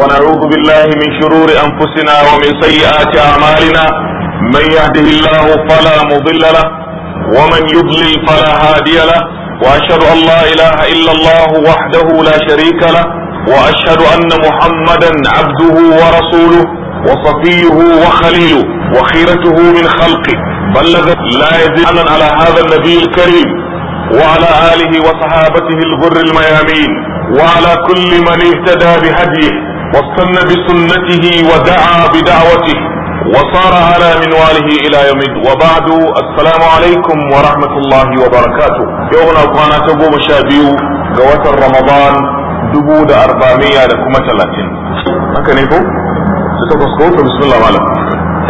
ونعوذ بالله من شرور أنفسنا ومن سيئات أعمالنا من يهده الله فلا مضل له ومن يضلل فلا هادي له وأشهد أن لا إله إلا الله وحده لا شريك له وأشهد أن محمدا عبده ورسوله وصفيه وخليله وخيرته من خلقه بلغ لا يزيد على هذا النبي الكريم وعلى آله وصحابته الغر الميامين وعلى كل من اهتدى بهديه واستن بسنته ودعا بدعوته وصار على منواله الى يوم وبعد السلام عليكم ورحمة الله وبركاته يوم القناة تقوم شابيو قوات رمضان دبود أربعمية لكم ثلاثين أكنيكو تتقصكو بسم الله معلم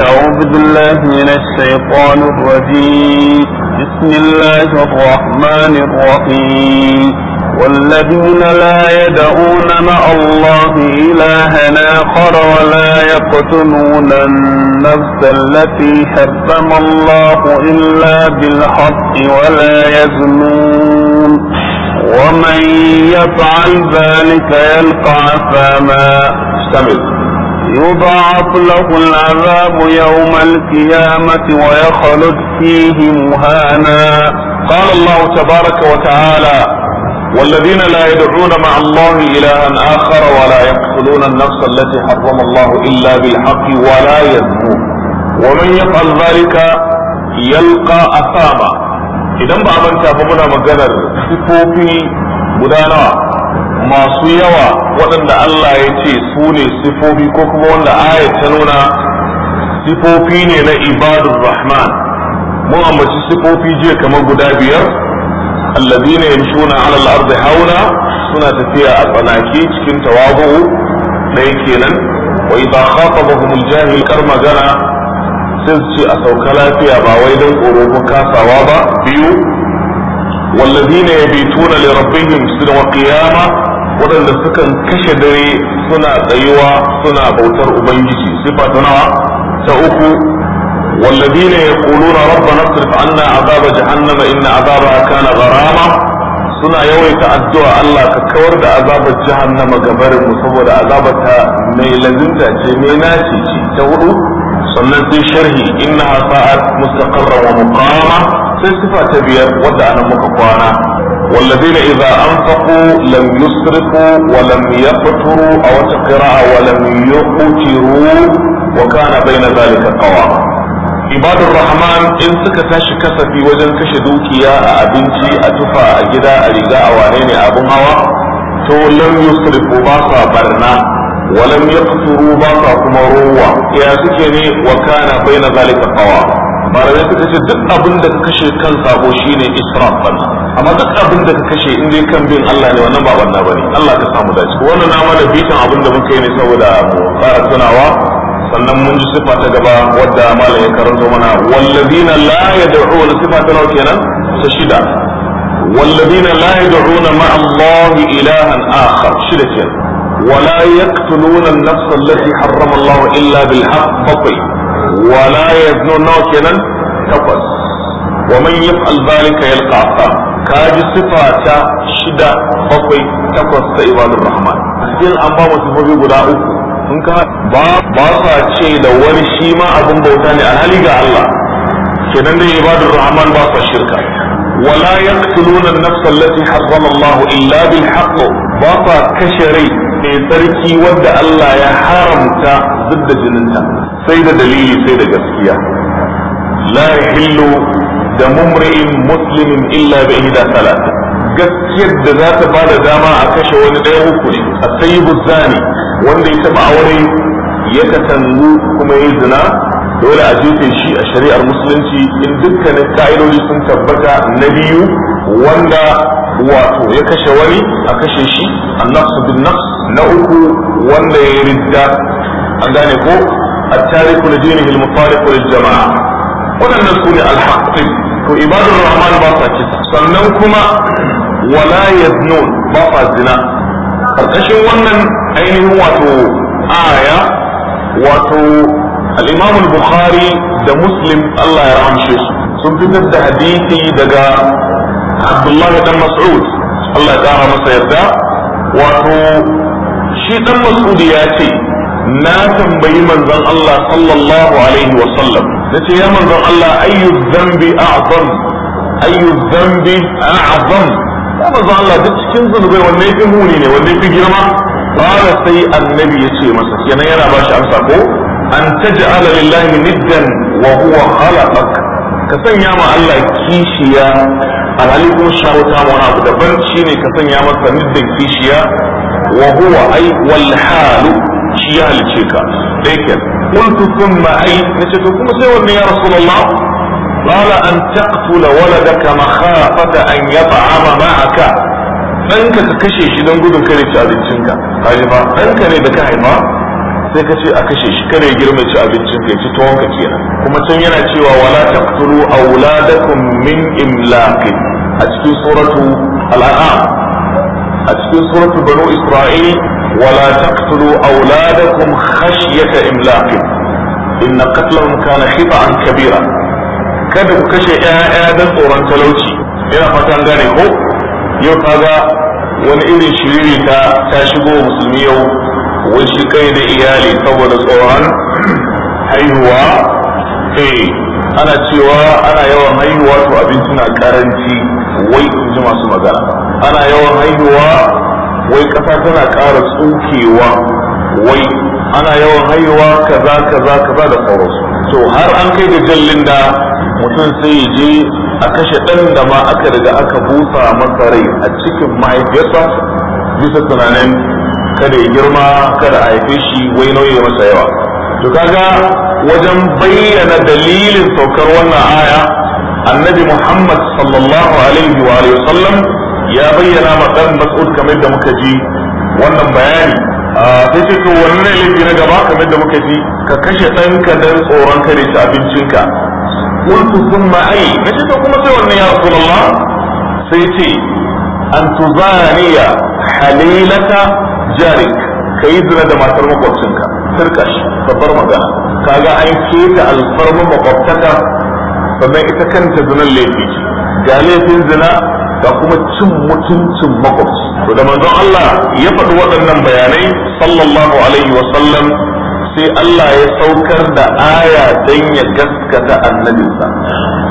أعوذ بالله من الشيطان الرجيم بسم الله الرحمن الرحيم والذين لا يدعون مع الله إلها آخر ولا يقتلون النفس التي حرم الله إلا بالحق ولا يزنون ومن يفعل ذلك يلقى عفاما استمر يضاعف له العذاب يوم القيامة ويخلد فيه مهانا قال الله تبارك وتعالى والذين لا يدعون مع الله إلها آخر ولا يقتلون النفس التي حرم الله إلا بالحق ولا يزنون ومن يفعل ذلك يلقى أثاما idan ba manta ba muna maganar sifofi guda nawa masu yawa waɗanda Allah ya ce su ne sifofi ko kuma wanda ayat ta nuna sifofi ne na ibadun rahman mun sifofi jiya kamar guda biyar alladhina yamshuna 'ala al hauna suna tafiya a tsanaki cikin tawabu dai kenan Wai ba khatabahum al-jahil karma gana sai ce a sauka lafiya ba wai don tsoro ko kasawa ba biyu والذين يبيتون لربهم سنة وقيامة kashe dare كشدري سنة suna سنة بوتر أبنجي صفة ta uku. والذين يقولون ربنا اصرف عنا عذاب جهنم إن عذابها كان غراما suna yawaita addu'a Allah ka kawar da azabar jahannama ga barin mu saboda azabar ta mai lazimta ce mai naci ce ta hudu sannan sai sharhi inna sa'at mustaqarra wa muqama sai sifa ta biyar wadda anan muka kwana والذين إذا أنفقوا لم يسرفوا ولم يقتروا أو تقراء ولم يقتروا وكان بين ذلك قواما ibadun rahman in suka tashi kasafi wajen kashe dukiya a abinci a tufa a gida a riga a wane ne abin hawa to lam yusrifu ba sa barna wa lam yaqturu ba sa kuma ya suke wa suka ce duk abin da ka kashe kan sabo shine israf amma duk abin da ka kashe in dai kan bin Allah ne wannan ba wannan bane Allah ka samu dace wannan na mana bitan abin da muka yi ne saboda mu fara tunawa sannan mun ji sifa ta gaba wadda malam ya karanto mana wallazina la yad'una sifa ta nawa kenan ta shida wallazina la yad'una ma Allah ilahan akhar shida kenan ولا يقتلون النفس التي حرم الله إلا بالحق بطل ولا يزنون نوكنا تقص ومن يفعل ذلك يلقى عقاب كاج صفة شدة بطل تقص عباد Rahman. still an ba mu sifofi guda uku sun ka ba ba sa ce da wani shi ma abin bauta ne alhali ga Allah kenan da ibadur rahman ba sa shirka wala yaqtuluna an-nafs allati harrama Allah illa bil haqq ba sa kashe rai ne tsarki wanda Allah ya haramta duk da jininta sai da dalili sai da gaskiya la yahillu da mumri'in muslimin illa bi ihda thalath gaskiyar da za ta ba da dama a kashe wani ɗaya uku ne a sayi zani wanda ya taɓa aure ya katangu kuma ya zina dole a jefe shi a shari'ar musulunci in dukkanin ka'idodi sun tabbata na biyu wanda wato ya kashe wani a kashe shi a nafsu bin nafs na uku wanda ya ridda an gane ko a tariku da dinihi al-mufariqu jama'a waɗannan su ne al to ibadur rahman ba sa kisa sannan kuma wala yaznun ba fa zina karkashin wannan ainihin wato aya wato al-Imam al-Bukhari da Muslim Allah ya rahamshe su sun fitar da hadisi daga Abdullah dan Mas'ud Allah ya kara masa yarda wato shi dan Mas'ud ya ce na tambayi manzon Allah sallallahu alaihi wa sallam nace ya manzon Allah ayyu ya manzo Allah duk cikin zunubai wanne fi muni ne wanne fi girma qala sai annabi yace masa kenan yana ba shi amsa ko an taj'ala lillahi niddan wa huwa khalaqak ka sanya ma Allah kishiya alhali kuma shawata ma wani abu daban shine ka sanya masa niddan kishiya wa huwa ai wal halu shi ya halice ka dai kenan قلت ثم أي نشك ثم سوى يا رسول الله قال أن تقتل ولدك مخافة أن يطعم معك ɗanka ka ka kashe shi don gudun kare ci abincinka ka ji ba ɗanka ne da ka haifa sai ka ce a kashe shi kare girma ci abincinka ya ci tuwonka kenan kuma can yana cewa wala taqtulu auladakum min imlaqin a cikin suratu al'an'am a cikin suratu banu isra'il wala taqtulu auladakum khashyata imlaqin inna qatlahum kana khita'an kabira kada ku kashe ƴaƴa don tsoron talauci ina fatan gane ko yau kaga wani irin shiriri ta ta shigo musulmi yau wani shi kai da iyali saboda tsoron haihuwa eh ana cewa ana yawan haihuwa to abinci na karanci wai in ji masu magana ana yawan haihuwa wai kasa tana ƙara tsukewa wai ana yawan haihuwa kaza kaza kaza da sauransu to har an kai da jallin da mutum sai ya je a kashe ɗan da ma aka riga aka busa masa rai a cikin mahaifiyarsa bisa tunanin kada ya girma kada a haife shi wai nauyi masa yawa to kaga wajen bayyana dalilin saukar wannan aya annabi muhammad sallallahu alaihi wa alihi sallam ya bayyana ma dan mas'ud kamar da muka ji wannan bayani ah, sai ce to wannan laifi na gaba kamar da muka ji ka kashe ɗanka dan tsoron kare shi abincinka qultu thumma ay nace to kuma sai wannan ya rasulullah sai ce an tuzaniya halilata jarik kai zina da matar makwabcinka sirkash babbar magana kaga an keta alfarma makwabtaka sannan ita kanta zinan laifi ga laifin zina ga kuma cin mutuncin makwabci to da manzon Allah ya faɗi waɗannan bayanai sallallahu alaihi wa sallam sai Allah ya saukar da aya don ya gaskata annabinsa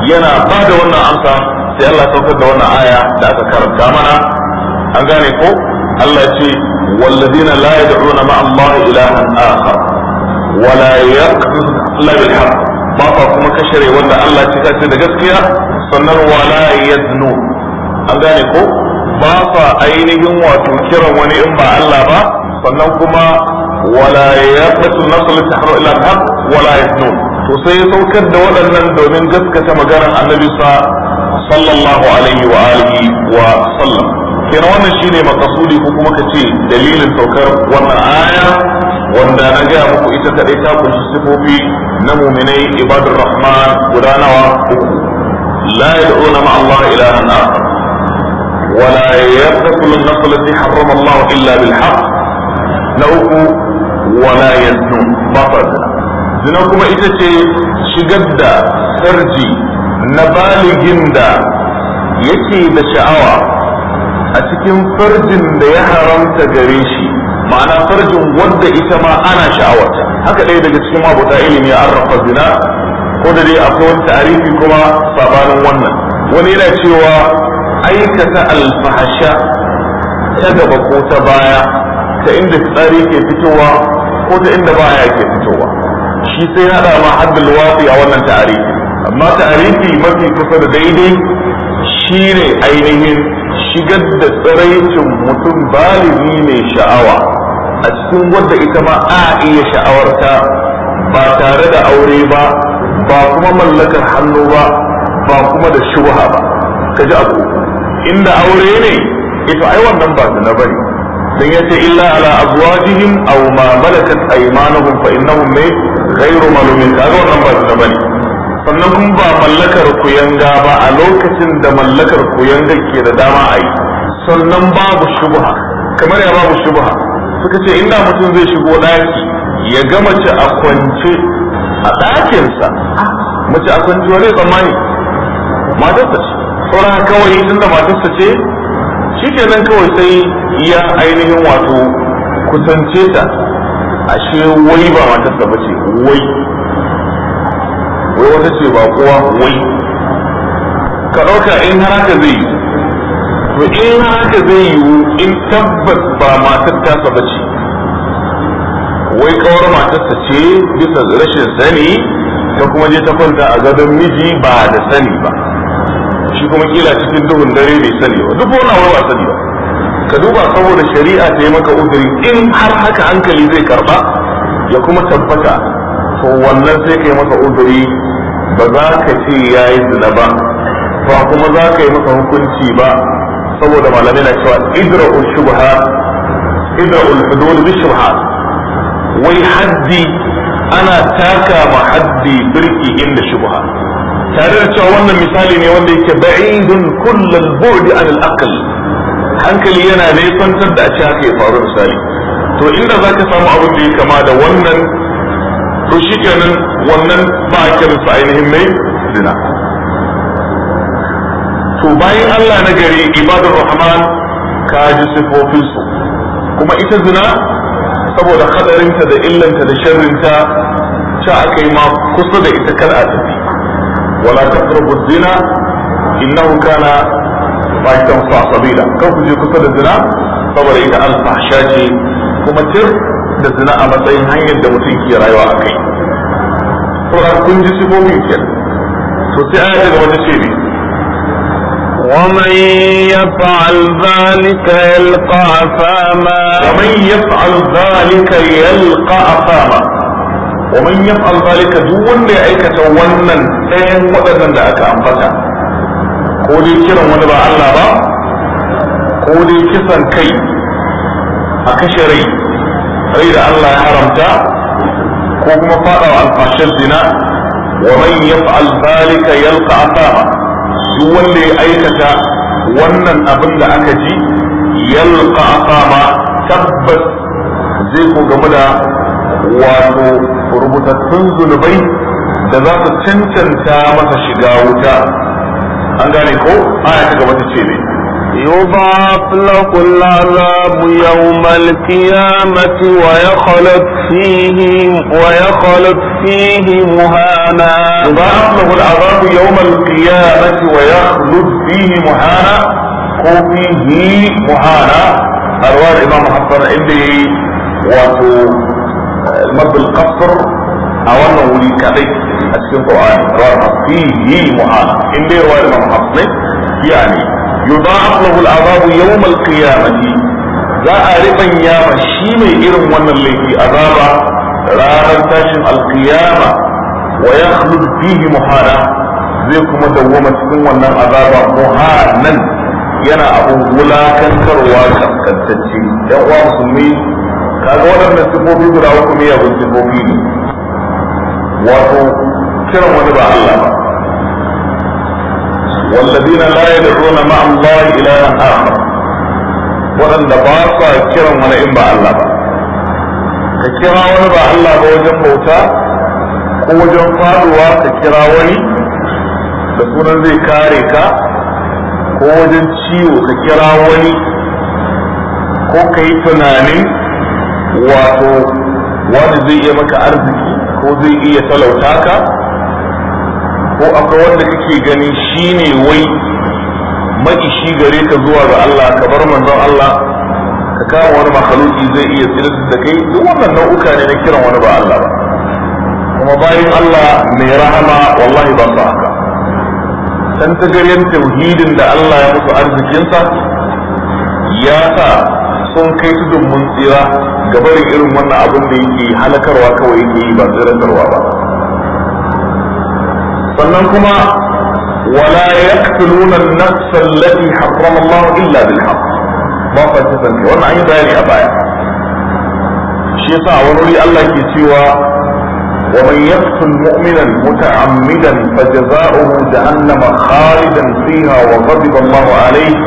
yana ba da wannan amsa sai Allah ya saukar da wannan aya da aka karanta mana an gane ko Allah ce والذين لا يدعون مع الله إلها آخر ولا يقذف بالحق ba fa kuma kashare wanda Allah ce ta ce da gaskiya sannan wala yaznu an gane ko ba fa ainihin wato kiran wani in ba Allah ba sannan kuma wala ya nafsu la tahru ila al-haq wala yafnun to sai saukar da waɗannan domin gaskata maganar annabi sa sallallahu alaihi wa alihi wa sallam kenan wannan shine makasudi ko kuma kace dalilin saukar wannan aya wanda na ga muku ita kadai ta kunshi sifofi na muminai ibadur rahman guda nawa uku la yad'una ma Allah ilahan akhar ولا يقتل النفس التي حرم الله الا بالحق na uku wala yanzu ba zina kuma ita ce shigar da farji na baligin da yake da sha'awa a cikin farjin da ya haramta gare shi ma'ana farjin wanda ita ma ana sha'awarta haka ɗaya daga cikin mabuta ilimi an rafa zina ko da dai akwai wani tarihi kuma sabanin wannan wani yana cewa aikata alfahasha ta gaba ko ta baya ta inda fitsari ke fitowa ko ta inda baya ke fitowa shi sai hada ma haddul wasi a wannan tarihi. amma tarihi mafi kusa da daidai shine ainihin shigar da tsiraicin mutum baligi mai sha'awa a cikin wadda ita ma a iya sha'awarta ba tare da aure ba ba kuma mallakar hannu ba ba kuma da shubha ba kaji abu inda aure ne ita ai wannan ba na bari dan yace illa ala azwajihim aw ma malakat aymanuhum fa innahum may ghayru malumin kaga wannan ba su bane sannan kuma ba mallakar ku yanga ba a lokacin da mallakar ku yanga ke da dama a yi sannan babu shubha kamar ya babu shubha suka ce inda mutum zai shigo daki ya ga mace a kwance a ɗakinsa mace a kwance wani tsammani matarsa ce sauran kawai tun matarsa ce shi kenan kawai sai ya ainihin wato kusance ta ashe wai ba matarsa ba ce wai wai wata ce ba kowa wai ka ɗauka in har haka zai yi to in haka zai yiwu in tabbas ba matar tasa ba ce wai kawar matarsa ce bisa rashin sani ta kuma je ta kwanta a gadon miji ba da sani ba shi kuma kila cikin duhun dare bai sani ba duk wani wai sani ba ka duba saboda shari'a ta yi maka uzuri in har haka hankali zai karba ya kuma tabbata to wannan sai ka yi masa uzuri ba za ka ce ya yi zina ba ba kuma za ka yi masa hukunci ba saboda malamai na cewa idra'ul shubha idra'ul hudud bi shubha wai haddi ana taka ma haddi birki inda shubha tare da cewa wannan misali ne wanda yake ba'idun kullal bu'di an al-aql hankali yana kwantar da a ce haka ya faru misali to inda zaka samu abin da ya kama da wannan to wannan ba a ainihin mai zina to bayan Allah na gari ibadur rahman ka ji sifofin su kuma ita zina saboda hadarinta da illanta da sharrinta sha aka yi ma kusa da ita kar a tafi ولا تقربوا الزنا إنه كان فاحشة صبيلا كيف يكون كسر الزنا؟ فبر إذا الفحشاء كما تر الزنا أما تين هاي الدموتين كي رأيوا أكي فقال كن جسمه ميكين يعني. فسي آية لما تشيبي ومن يفعل ذلك يلقى أفاما ومن يفعل ذلك يلقى أفاما wa man yaf'al zalika duk wanda ya aikata wannan ɗayan waɗannan da aka ambata ko dai kiran wani ba Allah ba ko dai kisan kai a kashe rai rai da Allah ya haramta ko kuma faɗawa alfashin zina wa man yaf'al zalika yalqa asaba duk wanda ya aikata wannan abin da aka ji yalqa tabbas zai ko da wato rubutattun zunubai da za su cancanta masa shiga wuta an gane ko aya ta gaba ta ce ne يضاعف له العذاب يوم القيامة ويخلد فيه ويخلد فيه مهانا يضاعف له العذاب يوم القيامة ويخلد فيه مهانا وفيه مهانا أرواح الإمام حسن اللي وتو mabul qasr a wannan wuri kadai a cikin qur'ani rawar fihi mu'ana in dai rawar imam hasan yani yudha'af lahu al'azab yawm za a riban yama shi mai irin wannan laifi azaba ranar tashin alkiyama qiyama wa yakhlud fihi muhana zai kuma dawoma cikin wannan azaba muhanan yana abun wulakantarwa kaskantacce yan uwa musulmi kaga waɗannan sifofi guda uku ne yabon sifofi ne wato kiran wani ba Allah ba والذين لا يدعون مع الله إلها آخر وأن باطا كرم ولا إن الله ka kira wani ba Allah ba wajen bauta ko wajen faduwa ka kira wani da sunan zai kare ka ko wajen ciwo ka kira wani ko ka yi tunanin wato wani zai iya maka arziki ko zai iya talauta ka ko akwai wanda kake gani shine wai maishi gare ka zuwa ga Allah ka bar manzon Allah ka kama wani makhluki zai iya tsirar da kai duk wannan nau'uka ne na kiran wani ba Allah ba kuma bayan Allah mai rahama wallahi ba su haka ta tagaryen tauhidin da Allah ya musu arzikinsa ya sa sun kai tudun mun tsira ga barin irin wannan abin da yake halakarwa kawai yake yi ba tsirantarwa ba sannan kuma wala yaqtuluna an يقتلون allati التي Allah illa bil haqq ba fa kisan ne wannan an yi bayani a baya shi yasa wani wuri Allah ke cewa wa man yaqtul mu'minan muta'ammidan fajaza'uhu jahannam khalidan fiha wa ghadiba Allah alayhi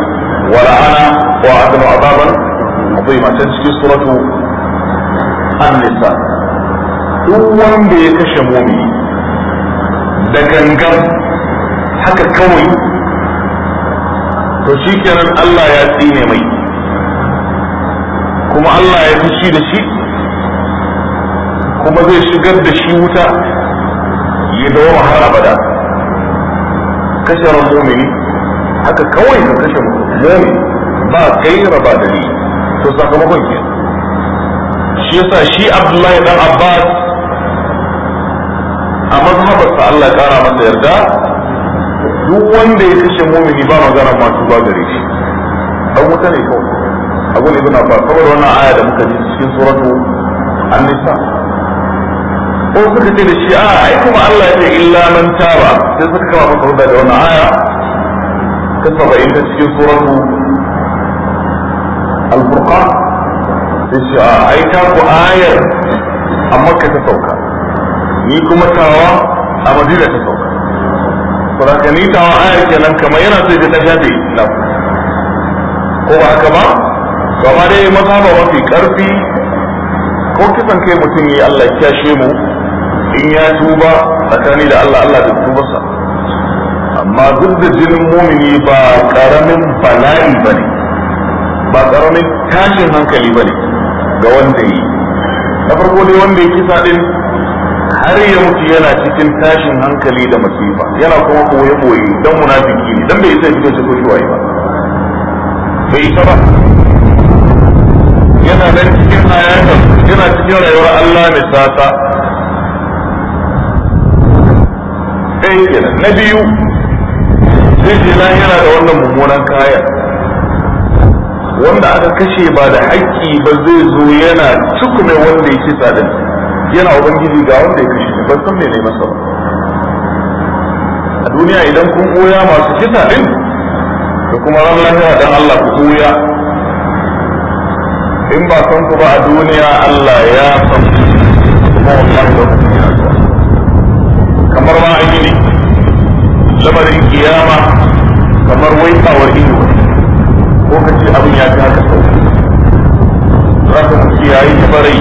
wa la'ana wa adama adaban al-mutima can cikin suratu an-nisa duk wanda ya kashe mumini da gangan haka kawai to shi kenan Allah ya tsine mai kuma Allah ya fushi da shi kuma zai shigar da shi wuta ya dawo har kashe ran haka kawai ka kashe mumini ba gaira ba dalili to sakamakon ke shi yasa shi abdullahi dan abbas a mazhabarsa Allah ya kara masa yarda duk wanda ya kashe mumini ba magana ma tuba gare shi dan wuta ne kawai abu ne ibn abbas saboda wannan aya da muka ji cikin suratu an-nisa ko suka ce da shi a ai kuma Allah ya ce illa man taba sai suka kawo masa da wannan aya ta 70 ta cikin suratu alfurqan sai ce a ah, ai ta ku ayar a makka ta sauka ni kuma tawa a madina ta sauka saboda ni tawa ayar kenan kamar yana sai ta shafe na ko ba haka ba gaba dai mazhaba mafi karfi ko kisan kai mutum yi Allah ya kyashe mu in ya tuba tsakani da Allah Allah da tubarsa amma duk da jinin mumini ba karamin bala'i ne. ba karamin tashin hankali bane ga wanda yi na farko dai wanda ya kisa din har ya mutu yana cikin tashin hankali da masifa yana kuma koyi koyi dan munafiki ne dan bai isa cikin su koyi waye ba bai isa ba yana nan cikin hayata yana cikin rayuwar Allah mai sata ɗaya kenan na biyu sai je yana da wannan mummunan kayan wanda aka kashe ba da haƙƙi ba zai zo yana tukume wanda ya kisa din yana ubangiji ga wanda ya kashe ban san me mai masa ba a duniya idan kun koya masu kisa din da kuma ran lahira dan Allah ku koya in ba san ku ba a duniya Allah ya san ku kuma wallahi da ku kamar ma aiki ne lamarin kiyama kamar waitawar ido Ko lokaci abin ya fi haka sauki za ka mutu ya yi barai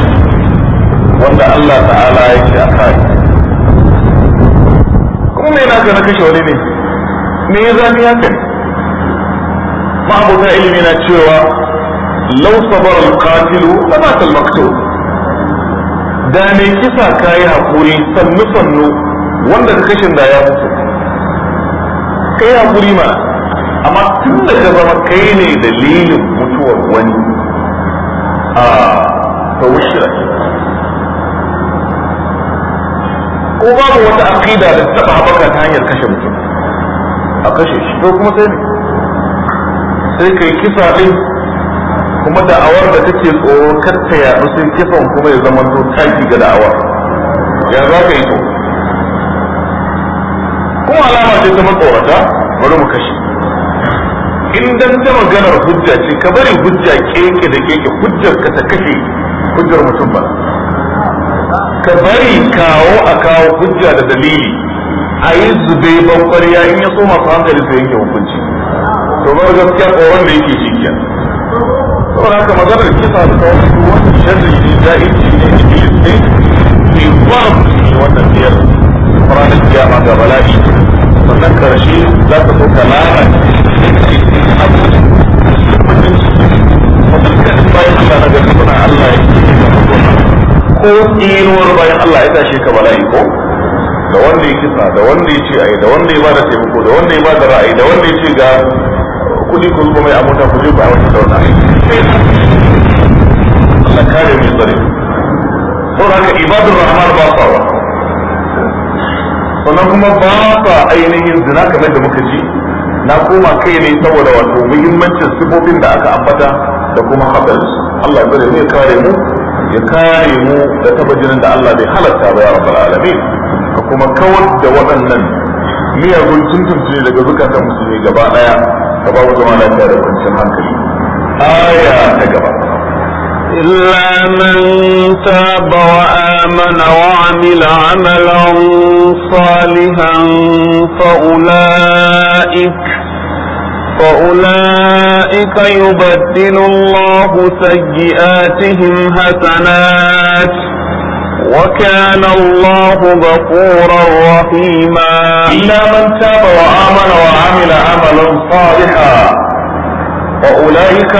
wanda Allah ta'ala ya ce a kai kuma mai naka na kashe wani ne me ya zami haka ne ma'abuta ilimi na cewa lau sabar alƙatilu na matal maktub da me kisa kayi hakuri sannu sannu wanda ka kashin da ya mutu kai haƙuri mana amma tun da zama kai ne dalilin mutuwar wani a tawushira ko babu wata aqida da ta taba haɓaka ta hanyar kashe mutum a kashe shi to kuma sai sai kai kisa ɗin, kuma da'awar da take tsoro kar yaɗu sai kisan kuma ya zama to taki ga da'awar ya za ka yi to kuma alama ce ta matsorata bari mu kashe in dan ta maganar hujja ce ka bari hujja keke da keke hujjar ka ta kashe hujjar mutum ba ka bari kawo a kawo hujja da dalili a yi zube ban ƙwarya in ya so masu hankali su yanke hukunci to ba gaskiya tsoron da yake shi kyan saboda haka maganar kisa da kawo su wannan sharri ne ja'inci ne sai ne ne su ne wannan biyar ranar kiyama ga bala'i sannan karshe za ka so ka lalace ko tsinuwar bayan Allah ya tashe ka bala'i ko da wanda ya kisa da wanda ya ce ai da wanda ya bada taimako da wanda ya bada ra'ayi da wanda ya ce ga kudi ku zuba mai amota ku je ku aiwata da wannan Allah kare mu tsare saboda haka ibadur rahman ba sa sannan kuma ba sa ainihin zina kamar da muka ji na koma kai ne saboda wato muhimmancin sifofin da aka ambata da kuma haɗari Allah ya ne kare mu ya kare mu da tabajinin da Allah bai halatta ba ya rabbal alamin ka kuma kawar da waɗannan miyagun tuntuntuni daga zukatan musulmi gaba ɗaya ka ba mu zama lafiya da kwanciyar hankali aya ta gaba إلا من تاب وآمن وعمل عملا صالحا فأولئك فأولئك يبدل الله سيئاتهم حسنات وكان الله غفورا رحيما إلا من تاب وآمن وعمل عملا صالحا وأولئك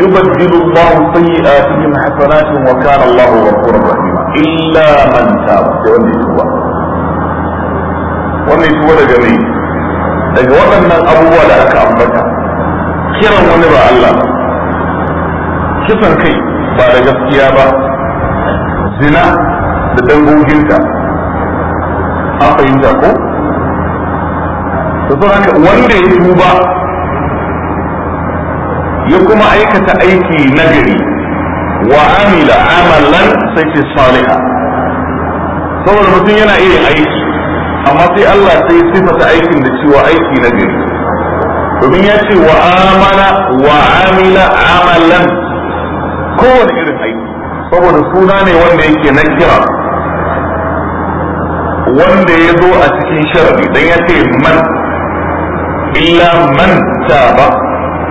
يبدل الله سيئاتهم حسنات وكان الله غفورا رحيما إلا من تاب ومن توبة ومن توبة جميل daga waɗannan abubuwa da aka ambata kiran wani ba Allah kisan kai ba da gaskiya ba zina da dangoginta an fahimta ko da haka wanda ya tuba ya kuma aikata aiki nagari wa amila amalan sai ce saliha saboda mutum yana iya aiki amma sai Allah sai sifata aikin da cewa aiki nagari domin ya ce wa amala wa amila amalan kowane irin aiki saboda suna ne wanda yake na kira wanda ya zo a cikin sharadi don ya ce man illa man taba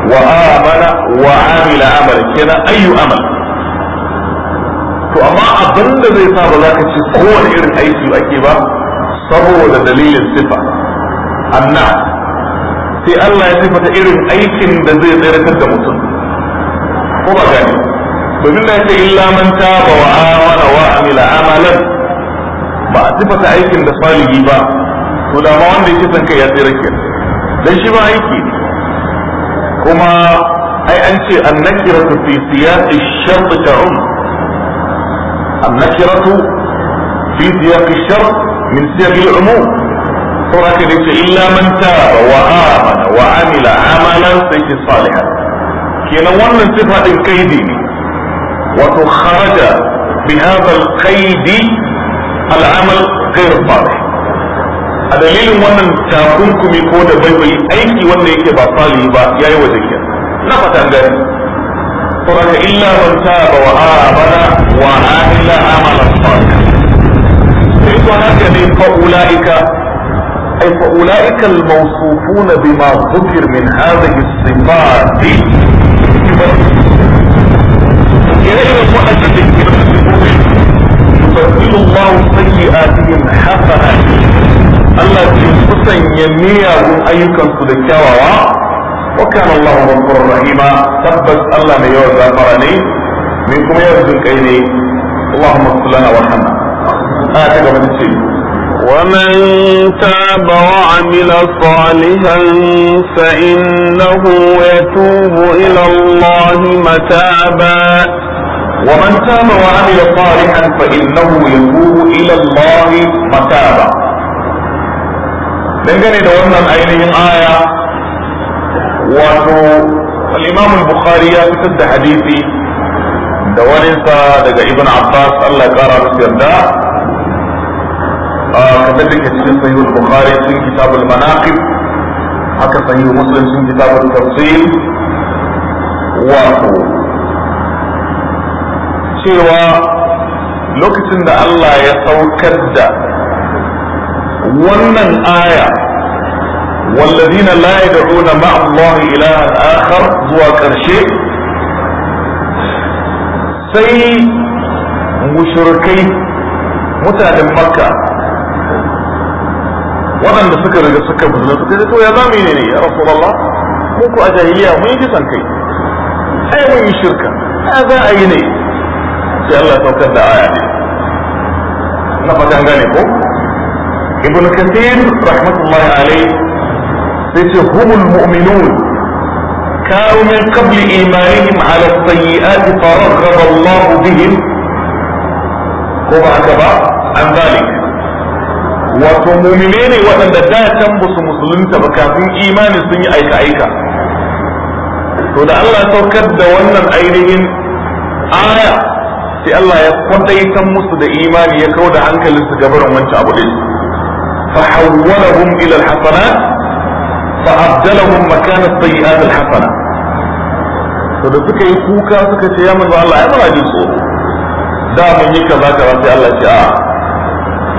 wa amana wa amila amal kenan ayyu amal to amma abin da zai sa ba za ka ce kowane irin aiki ake ba saboda dalilin sifa anna sai Allah ya sifata irin aikin da zai tsayar da mutum ko ba gani domin da yake illa man taba wa amana wa amila amalan ba a sifata aikin da salihi ba to da ma wanda yake son kai ya tsira ke dan shi ba aiki ne كما اي انت النكرة في سياق الشرط تعم النكرة في سياق الشرط من سياق العموم ولكن الا من تاب وامن وعمل عملا سيد صالحا كينا ون من صفة الكيد وتخرج بهذا القيد العمل غير صالح a dalilin wannan takunkumi ko da baibayi aiki wanda yake ba fali ba yayi waje ke na fatan gari saboda illa man taba wa amana wa amila amalan salih sai ko haka ne fa ulaika ay fa ulaika al mawsufun bima dhukir min hadhihi as-sifat ire-iren waɗanda da ke da su يبدل الله سيئاتهم حسنات Allah ke sanya miyagun ayyukanku da kyawawa wa kana Allah ghafurur rahima tabbas Allah mai yawan gafara ne mai kuma yawan jinkai ne اللهم اغفر لنا وارحمنا آية كما تسير ومن تاب وعمل صالحا فإنه يتوب إلى الله متابا ومن تاب وعمل صالحا فإنه يتوب إلى الله متابا dangane da wannan ainihin aya wato al-Imam al-Bukhari ya fitar da hadisi da waninsa daga Ibn Abbas Allah ya kara musu yarda kamar da cikin sahih al-Bukhari sun kitab al-Manaqib haka sahih Muslim sun kitab al-Tafsir wato cewa lokacin da Allah ya saukar da wannan aya والذين لا يدعون مع الله إلها آخر sai mushrikai mutanen makka waɗanda kisan kai ai mun za yi saukar da aya na ko ابن كثير رحمة الله عليه يقول هم المؤمنون كانوا من قبل إيمانهم على السيئات فرغب الله بهم هو عجبا عن ذلك wato mumine ne waɗanda da can ba su musulunta ba kafin imani sun yi aika aika to da Allah saukar da wannan ainihin aya sai Allah ya kwadaitan musu da imani ya kau da hankalinsu gabar wancan abu فحولهم إلى الحسنات فأبدلهم مكان السيئات الحسنة da suka yi kuka suka ce ya manzo Allah ya muna jin tsoro da mun yi kaza kaza sai Allah ce a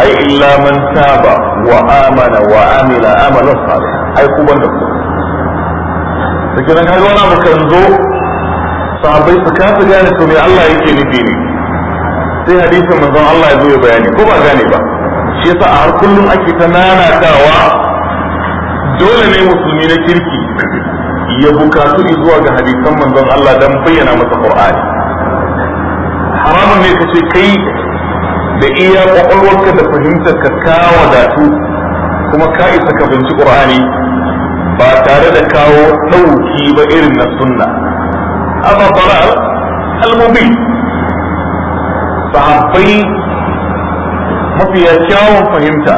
ai illa man taba wa amana wa amila amalan ai kan zo sahabbai su kasa gane to me Allah yake nufi ne sai hadisin manzon Allah ya zo ya bayani ko ba gane ba shi yasa a har kullum ake ta nanatawa dole ne musulmi na kirki ya bukatu zuwa ga hadisan manzon Allah dan bayyana masa Qur'ani haramun ne kace kai da iya kwakwalwarka da fahimtar ka ka wadatu kuma ka isa ka binci Qur'ani ba tare da kawo ɗauki ba irin na sunna amma fara al-mubin sahabbai mafiya kyawun fahimta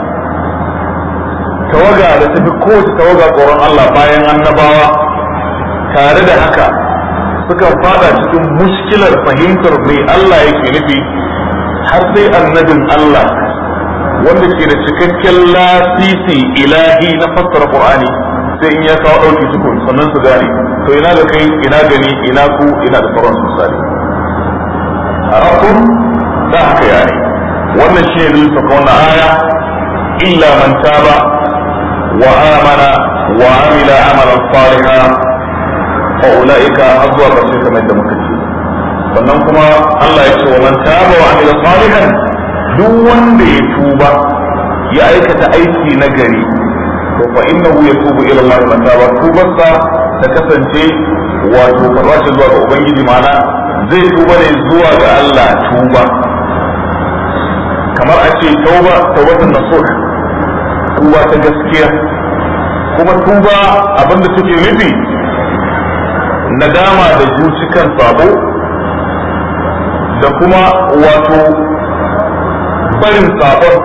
tawaga da tafi kowace tawaga tsoron Allah bayan annabawa tare da haka suka fada cikin muskilar fahimtar mai Allah yake nufi har sai annabin Allah wanda ke da cikakken lasisi ilahi na fassara Qur'ani sai in ya kawo ɗauki tukun sannan su gane to ina da kai ina gani ina ku ina da sauran misali a da haka yani wannan shi ne zai saka wannan aya illa man taba wa amana wa amila amalan salihan fa ulaika azwa kashi kamar da muka ce sannan kuma Allah ya ce wa man taba wa amila salihan duk wanda ya tuba ya aikata aiki na gari to fa innahu yatubu ila Allah man taba tubarsa ta kasance wato karwace zuwa ga ubangiji ma'ana zai tuba ne zuwa ga Allah tuba kamar a ce tauba taubatul nasuha tuba ta gaskiya kuma tuba abinda take nufi nadama da zucikan sabo da kuma wato barin sabon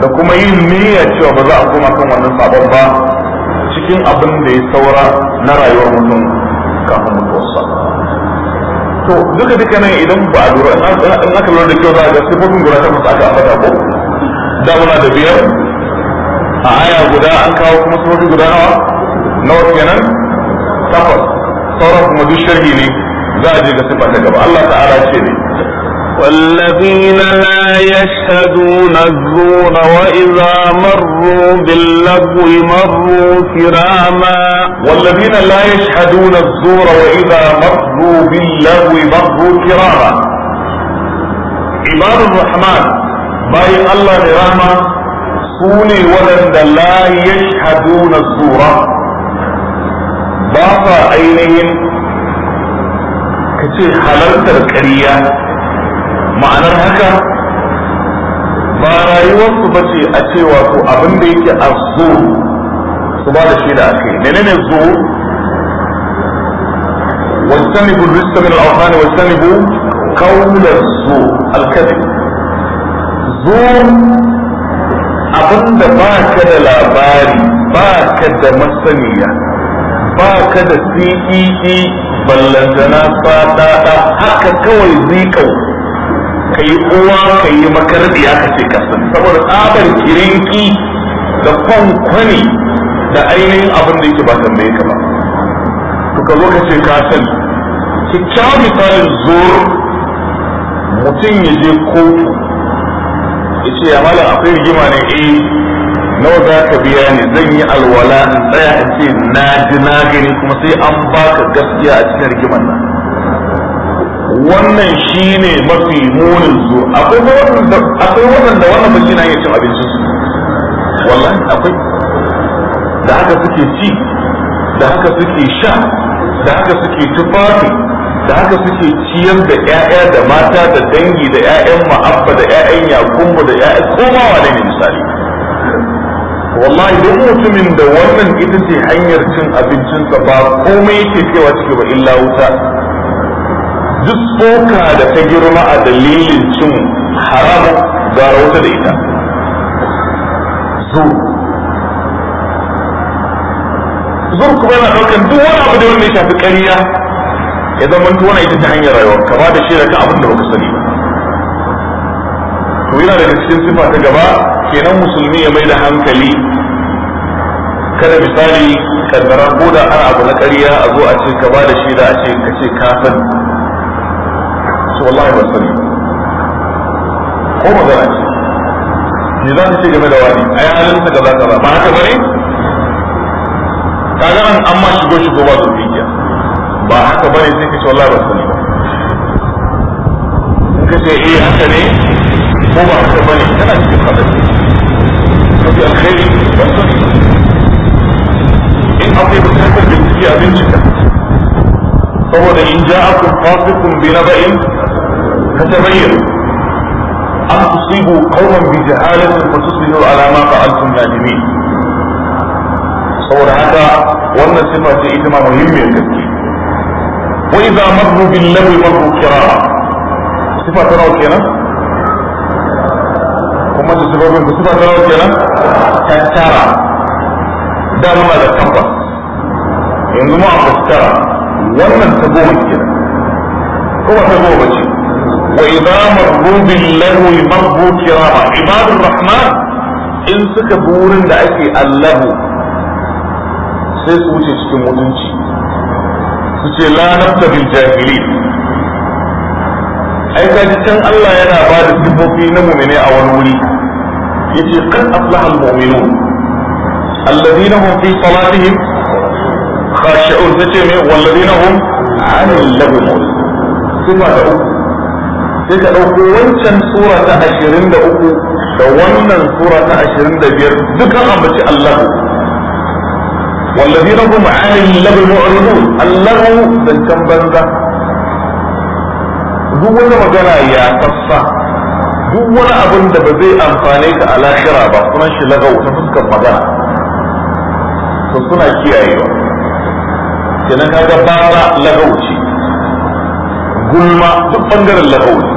da kuma yin niyya cewa ba za a koma kan wannan sabon ba cikin abin da ya saura na rayuwar mutum kafin sabon to duka duka nan idan ba a lura in aka lura da kyau za a ga sifofin guda ta musu aka ambata ko da muna da biyar a aya guda an kawo kuma sifofi guda nawa nawa kenan takwas sauran kuma duk sharhi ne za a je ga sifa ta gaba Allah ta'ala ce ne والذين لا يشهدون الزور وإذا مروا باللغو مروا كراما والذين لا يشهدون الزور وإذا مروا باللغو مروا كراما عباد الرحمن باي الله رحمة سوني ولد لا يشهدون الزور باقى أينهم كتير حلال تركريه ma'anar haka ba rayuwarsu ba ce a ce wato abin da yake a zo su ba da shi da ake menene zo wajtanibu rizqa min al-awhan wajtanibu qawla zo al-kadhib zo abin da ba ka da labari ba ka da masaniya ba ka da cee e, ballantana fadada haka kawai zikau ka yi uwa ka yi makarbiya ka ce ka saboda tsabar kirinki da kwankwani da ainihin abin da yake ba tambaye ka ba to ka zo ka ce ka san kyakkyawan misalin zuwa mutum ya je ko ya ce ya mala akwai rigima ne eh nawa za ka biya ni zan yi alwala in tsaya in ce na ji na gani kuma sai an baka gaskiya a cikin rigimar nan wannan shine mafi munin su akwai waɗanda akwai wannan ba na yake cin abincin su wallahi akwai da haka suke ci da haka suke sha da haka suke tufafi da haka suke ciyar da ƴaƴa da mata da dangi da ƴaƴan ma'abba da ƴaƴan yakunmu da ƴaƴa komawa. wane ne misali wallahi duk mutumin da wannan ita ce hanyar cin abincinsa ba komai yake cewa cike ba illa wuta duk tsoka da ta girma a dalilin cin haram ga wata da ita zur kuma yana ɗaukan duk wani abu da wanda ya shafi kariya. ya zama wani ita ta hanyar rayuwa kama da shirya ta abin da baka sani ba to yana daga cikin sifa ta gaba kenan musulmi ya mai da hankali kada misali kaddara ko da ana abu na kariya a zo a ce ka ba da da a ce ka ce ka والله ما سمي كوما ذلك نظام سيجا ملواني أي عالم تكذا كذا ما أكبري كذا إيه؟ إيه؟ أن أما شكو شكو واسو فيجا ما أكبري سيجا والله ما سمي كذا إيه أكبري كوما أكبري كذا سيجا خلق كذا الخير بسن إن أطيب الحفر جمسية أبنشك فهو إن جاءكم فاسق بنبأ فتغير أن تصيبوا قوما بجهالة فتصبحوا على ما فعلتم نادمين صور هذا وأن صفة إجمع مهمة كثير وإذا مروا باللغو مروا كرامة صفة تراو كنا كما تصفة منك صفة تراو كنا تكارا دار ماذا تنبس إنما أفكار وأن تبوه كنا كما تبوه بشيء وإذا مروا باللغو مروا كراما عباد الرحمن إن سكبور لأكي اللغو سيسوتي تكمونتي سيسوتي لا نبت بالجاهلين ai kaji can Allah yana ba da sifofi na mu'mini a wani wuri yace qad aflaha al-mu'minun alladhina hum fi salatihim khashi'un tace me walladhina sifa da sai ka ɗauko wancan sura ta ashirin da uku da wannan sura ta ashirin da biyar dukan ambaci Allah والذين هم عن اللغو معرضون اللغو من كم بنزا duk wani magana ya sassa duk wani abin da ba zai amfane ka a lahira ba sunan shi lagau ta fuskar magana to suna kiyayewa kenan ga bara lagau ce gulma duk bangaren lagau ne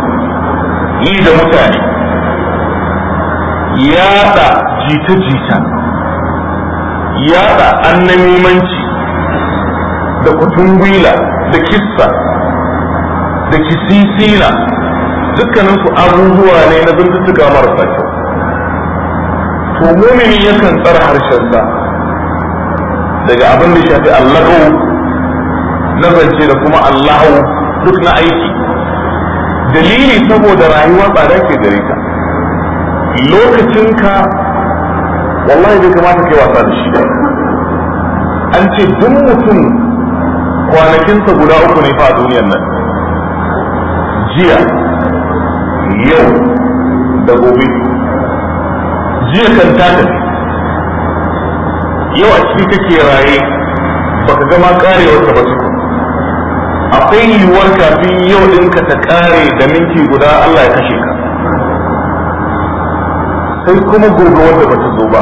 yi da mutane yada jita-jita yada annamimanci da kutungwila da kissa da kisisina dukkaninsu abubuwa ne na zuntutuka marasa kyau to mumini yakan tsara harshensa daga abin da shafi allahu na zance da kuma allahu duk na aiki dalili saboda rayuwa tsada ke gare ka ka wallahi bai kamata kai wasa da shi an ce duk mutum kwanakinsa guda uku ne fa a duniyar nan jiya yau da gobe jiya kan ta tafi yau a ciki kake raye baka gama karewarsa ba su akwai yiwuwar kafin yau ɗinka ta kare da minti guda Allah ya kashe ka sai kuma gobe wanda ba ta zo ba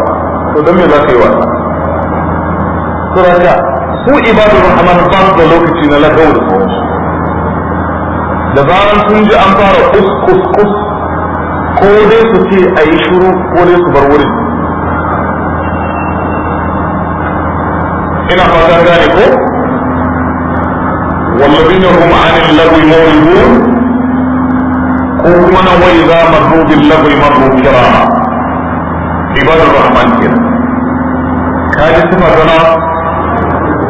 to don me za ka yi wasa saboda su ibadar rahman ba su da lokaci na lagau da sauransu da zaran sun ji an fara kus kus kus ko dai su ce a yi shiru ko dai su bar wurin ina fatan gane ko والذين هم عن اللغو معرضون كون وإذا مروا باللغو مروا كراما عباد الرحمن كده kaji suna zama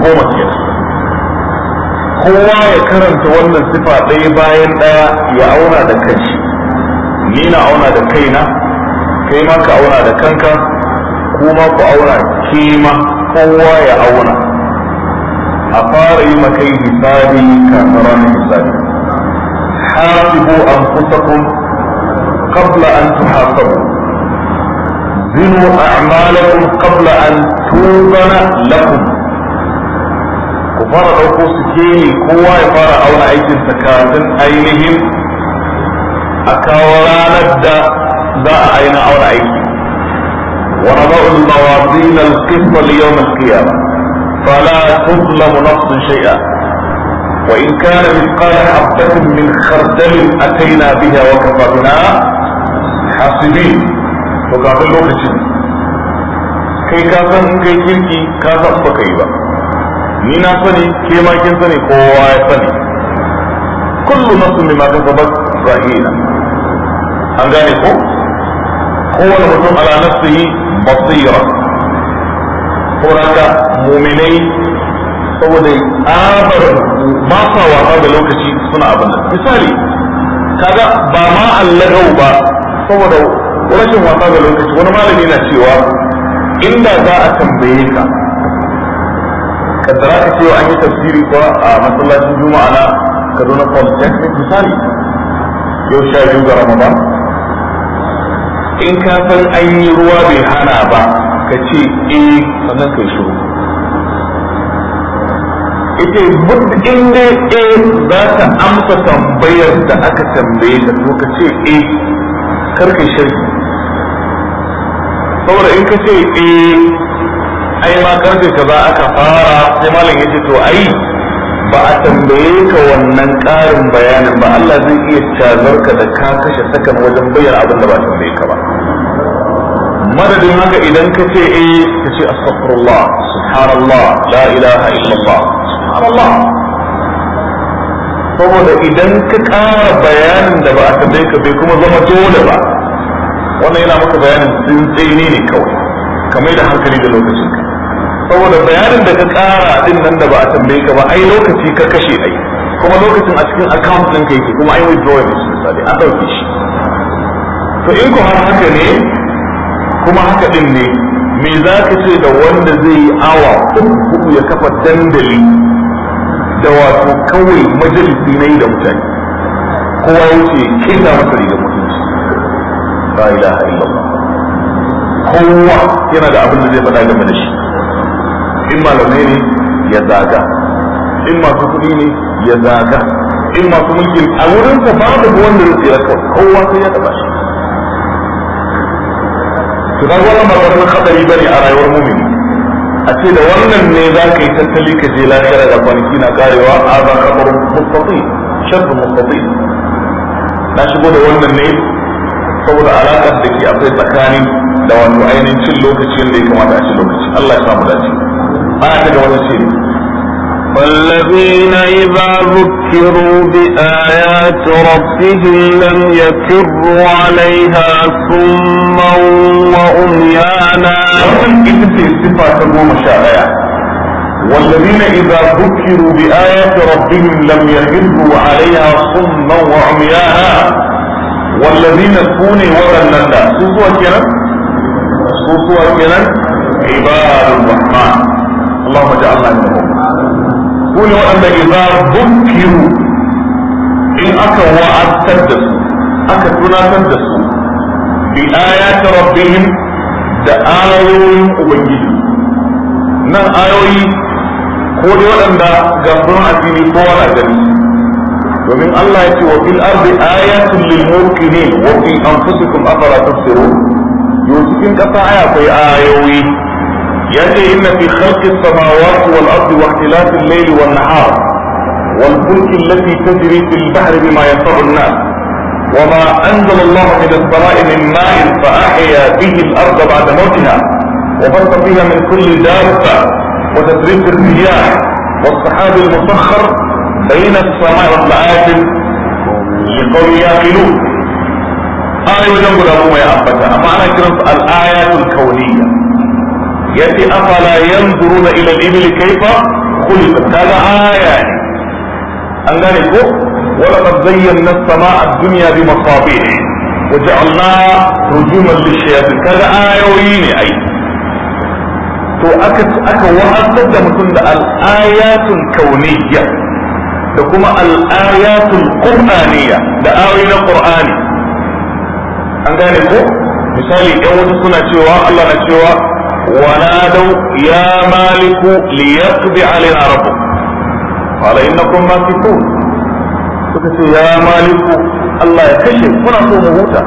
goma ke kowa ya karanta wannan sifa ɗaya bayan ɗaya ya auna da kanshi ni na auna da kaina kai ma ka auna da kanka kuma ku auna kima kowa ya auna a fara yi maka yi hisabi kafin ranar hisabi hasibu an fusakun qabla an tuhasabu zinu a'malakum qabla an tubana lakum ku fara ɗauko su ke kowa ya fara auna aikinsa kafin ainihin a kawo ranar da za a aina auna aiki ونضع الموازين القسط ليوم القيامه فلا تظلم نفس شيئا وإن كان مثقال حبة من خردل أتينا بها وكفى بنا حاسبين وقابل لوكسين kai ka san kai kirki ka san kai ba ni na sani ke ma kin sani kowa ya sani kullu nafsin bima kasabat an gane mutum sauraka muminai saboda abar ba sa wasa da lokaci suna abin da misali kaga ba ma allagau ba saboda rashin wasa da lokaci wani malami na cewa inda za a tambaye ka kaddara ka cewa an yi tafsiri ko a masallacin juma'a na kaduna polytechnic misali yau sha biyu ga ramadan in ka san an yi ruwa bai hana ba ka ce eh sannan kai shuru ita in dai e za ta amsa tambayar da aka tambaye ta ka ce e kar shirki saboda in ka ce e ai ma karfe a aka fara sai malam yace to ai ba a tambaye ka wannan ƙarin bayanin ba Allah zai iya cazar ka da ka kashe sakan wajen bayyana abin da ba tambaye ka ba madadin haka idan ka ce eh ka ce astaghfirullah subhanallah la ilaha illallah subhanallah saboda idan ka ƙara bayanin da ba a tambaye ka bai kuma zama dole ba wannan yana maka bayanin tsintsini ne kawai kamar da hankali da lokacin ka saboda bayanin da ka ƙara din nan da ba a tambaye ka ba ai lokaci ka kashe ai kuma lokacin a cikin account ɗin ka yake kuma ai withdrawal misali an ɗauke shi to in ko har haka ne kuma haka din ne me za ka ce da wanda zai yi awa uku ya kafa dandali da wato kawai majalisi na yi da mutane kowa ya ce kina masa rigar mutunci la ilaha illallah kowa yana da abin da zai faɗa game da shi in malamai ne ya zaga in masu kuɗi ne ya zaga in masu mulki a wurin ta babu wanda ya tsira kowa sai ya taɓa shi to ga wannan ba wani hadari bane a rayuwar mu'mini a ce da wannan ne za ka yi tattali ka je lafiya da kwanaki na karewa a ba kamar mustaqi sharru mustaqi na shigo da wannan ne saboda alaƙar da ke akwai tsakani da wani ainihin cin lokacin da ya kamata a cin lokaci Allah ya samu dace ana ta da wani shiri والذين إذا ذكروا بآيات ربهم لم يكروا عليها سما وأميانا والذين إذا ذكروا بآيات ربهم لم يكروا عليها صما وعميانا والذين سوني ورنة سوسوا كنا سوسوا كنا عباد الرحمن اللهم اجعلنا منهم su ne waɗanda idza bukiru in aka wa'atar da su aka tunatar da su bi ayati rabbihim da ayoyin ubangiji nan ayoyi ko dai waɗanda ga sun addini ko wala gani domin Allah ya ce wa fil ardi ayatun lil muqinin wa fi anfusikum afala tubsirun yau cikin kasa aya akwai ayoyi يأتي إن في خلق السماوات والأرض واختلاف الليل والنهار والفلك التي تجري في البحر بما ينفع الناس وما أنزل الله من السماء من ماء فأحيا به الأرض بعد موتها وبث فيها من كل دابة وتدريب الرياح والسحاب المسخر بين السماء والآيات لقوم يعقلون آية وجنب الأبوة يا أبتا أما أنا كرمت الآيات الكونية yace afala yanzuruna ila al-ibil kayfa khuliqat kaga aya ne an gane ko wala qad zayyana as-samaa ad-dunya bi masabih wa ja'alna rujuman lish-shayatin kaga ayoyi ne ai to aka aka wa'azzar da mutum da al-ayatul kauniyya da kuma al-ayatul qur'aniyya da ayoyi na qur'ani an gane ko misali ɗan wasu suna cewa Allah na cewa ونادوا يا مالك ليقضي علينا ربك قال انكم ماسكون سكت يا مالك الله يكلم كنا صوم موتا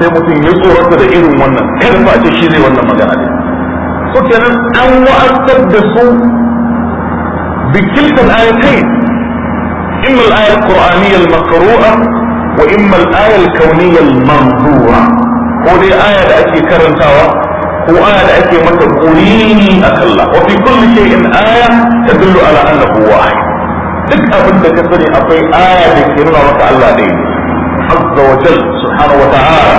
sai mutum ya tsoro ta da irin wannan irin ba ta shine wannan magana ne so kenan an wa'azzar da su bi kilkan ayatai imma al-ayat wa imma al-ayat kawniyyal ko dai aya da ake karantawa القرآن أكي مكة قريني أكلا وفي كل شيء آية تدل على أنه واحد duk abin da ka sani akwai aya da ke nuna maka Allah ne azza wa jal subhanahu wa ta'ala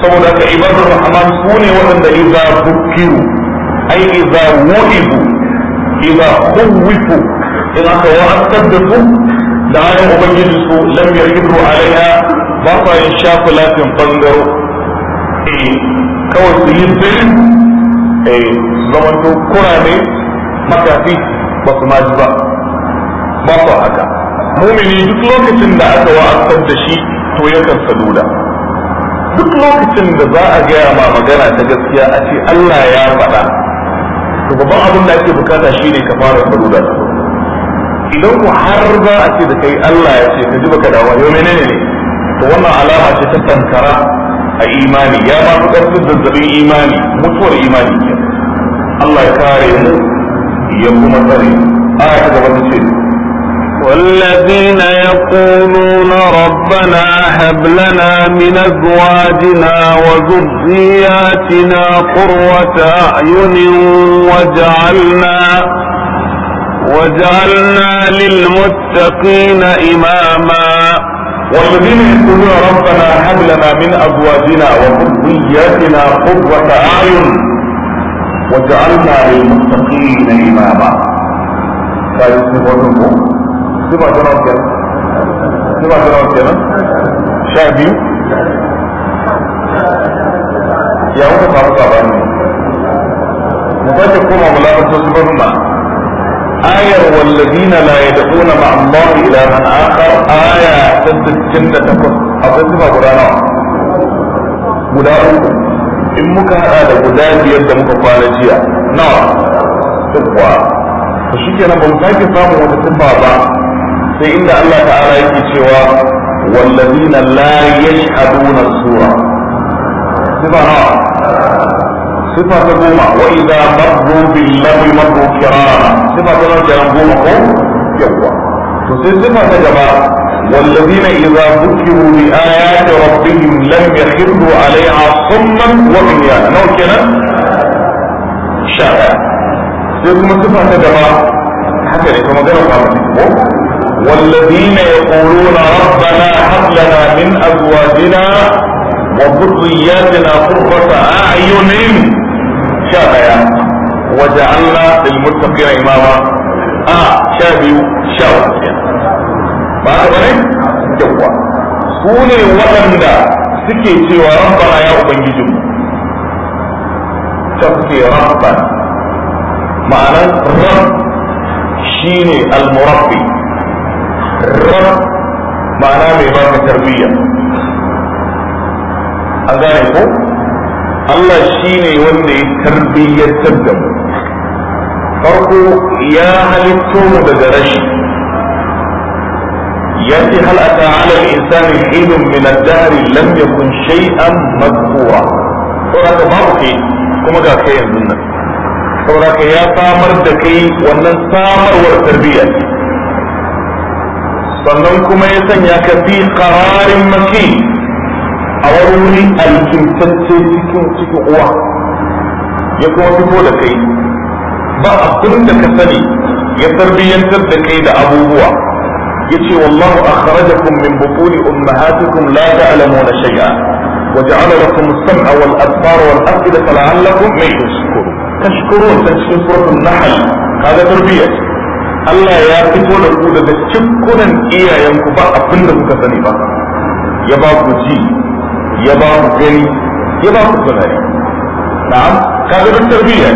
saboda ka ibadur rahman su ne waɗanda idza bukiru ai idza wu'ibu idza khuwifu in aka wa'azzar da su da ayan su lam yarkibu alaiha ba sa yin shafi kawai su yi birin eh kura ne, makafi ba su maji ba ba su haka mumini duk lokacin da aka wa'azar da shi to yakan saluda duk lokacin da za a gaya ma magana ta gaskiya a ce Allah ya faɗa to babban abin da ake bukata shine ka fara saluda idan ku har za a ce da kai Allah ya ce ka ji baka dawo yau menene ne to wannan alama ce ta tankara a imani ya ma fi ƙarfin zazzabin imani mutuwar imani Allah ya kare mu ya kuma tsare aya ta gaba ta ce والذين يقولون ربنا هب لنا من ازواجنا وذرياتنا قرة اعين وجعلنا وجعلنا للمتقين اماما والذين يقولون ربنا هب لنا من ازواجنا وذرياتنا قرة اعين وجعلنا للمتقين اماما ثالث نبوتهم سبع سنوات كده سبع سنوات كده شعبي يا هو تعرف على مفاتيح كوما ولا بس سبع سنوات ayar wallazina la yad'una ma'a Allah ilahan akhar aya ta 68 akwai sifa guda nawa guda uku in muka haɗa da guda biyar da muka kwana jiya nawa tukwa to shikenan ba mu sake samun wata sifa ba sai inda Allah ta'ala yake cewa wallazina la yashhaduna nawa صفة ta وإذا مروا idza مروا bil صفة marru kirama sifa ta goma goma ko والذين إذا ذكروا بآيات ربهم لم يخروا عليها صما وعميانا نو كده شاء سيكون صفة جماعة حتى لكم جرى والذين يقولون ربنا هب لنا من أزواجنا وذرياتنا قرة أعين sha daya waje Allah lil imama a sha biyu sha uku ba ka bane yawa su ne waɗanda suke cewa rabbana ya ubangijin ta suke rabbana ma'anar rabb shine al-murabbi rabb ma'ana mai ba ka tarbiyya an gane ko Allah shine wanda ya tarbiyyantar da mu farko ya halitto mu daga rashi ya ce hal ata ala al-insani hilun min ad-dahr lam yakun shay'an madhkura saboda babu kai kuma ga kai yanzu nan saboda ya samar da kai wannan samarwar tarbiyya sannan kuma ya sanya ka fi qararin makin a wani wuri alkintacce cikin cikin uwa ya kuma fito da kai ba abin da ka sani ya tarbiyyantar da kai da abubuwa ya ce wallahu akhrajakum min butuni ummahatikum la ta'lamuna shay'a wa ja'ala lakum as-sam'a wal absara wal af'idata la'allakum tashkurun tashkurun ta cikin suratul nahl kaga tarbiyya Allah ya fito da ku daga cikunan iyayenku ba abin da kuka sani ba ya ba ku ji يا بام غني يا نعم هذا بالتربية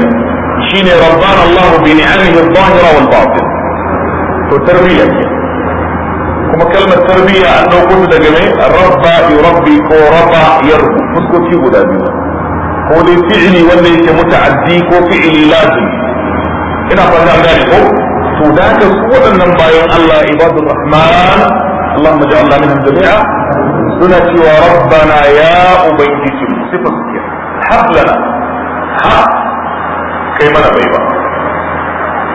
شين ربان الله بنعمه الظاهرة والباطن والباطنة فالتربية وما كلمة تربية أنه كنت تجمع رب يربي كو رب يربو فسكو تيو دابنا هو دي فعلي واللي كمتعديك وفعلي لازم إذا فرنا ذلك فذاك سوى أن الله عباد الرحمن اللهم اجعلنا منهم جميعا suna cewa rabbana ya ubangiji sifar su ke hablana ha kai mana bai ba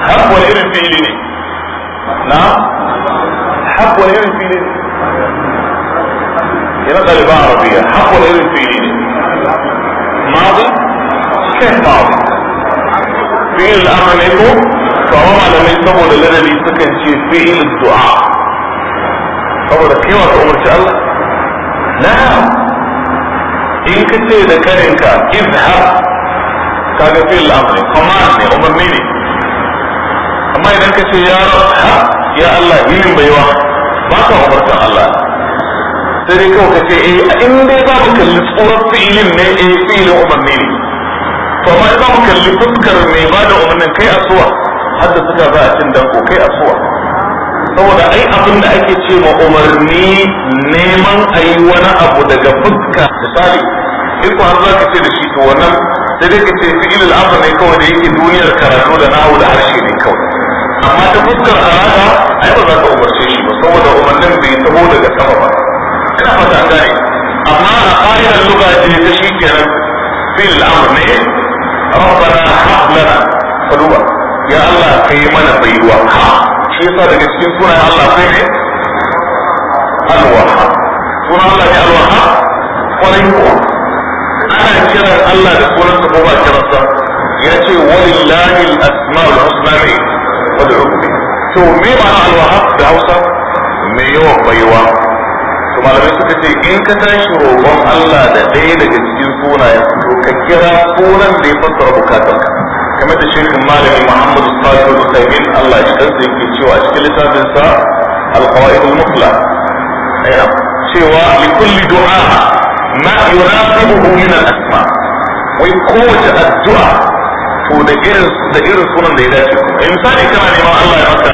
har wani irin fili ne na har wani irin fili ne yana ɗaliban arabiya har wani irin fili ne mazi kai mazi fi'il al'amr ne ko kawo malamai saboda ladabi sukan ce fi'il du'a saboda kai wata umarci Allah na'am in ka ce da karinka izhar kaga fil amri command ne umarni ne amma idan ka ce ya rab ya Allah yin baiwa ba ka umartan Allah sai dai ka ce eh in dai za mu kalli tsoron fi'ilin ne eh fi'ilin umarni ne to amma za mu kalli fuskar mai ba da umarnin kai asuwa har da suka za a cin danko kai asuwa saboda ai abin da ake ce ma umarni neman a yi wani abu daga fuska misali in ko har za ka ce da shi to wannan sai dai ka ce fi'il al'amr ne kawai da yake duniyar karatu da nahu da harshe ne kawai amma ta fuskar arada ai ba za ka umarce shi ba saboda umarnin bai taho daga sama ba kana fata an gane amma a ƙa'idar lugha ce ta shi kenan fi'il al'amr ne rabbana hab lana ya Allah kai mana baiwa ha shi yasa daga cikin sunayen Allah sai ne alwaha sunan Allah ne alwaha kwarai kuwa ana kiran Allah da sunansa ko ba kiransa ya ce walillahi al-asma'ul husna ne wad'u bi to me alwaha da Hausa me yawan baiwa to malamai suka ce in ka tashi roƙon Allah da ɗaya daga cikin sunayen to ka kira sunan da ya fassara bukatarka game da shirkin malami Muhammad Salih Al-Usaimin Allah ya tsantsa yake cewa a cikin littafin sa Al-Qawaid al-Mufla cewa li kulli du'a ma yuraqibuhu min al-asma wai kowace addu'a to da irin da irin sunan da ya dace misali kana neman Allah ya maka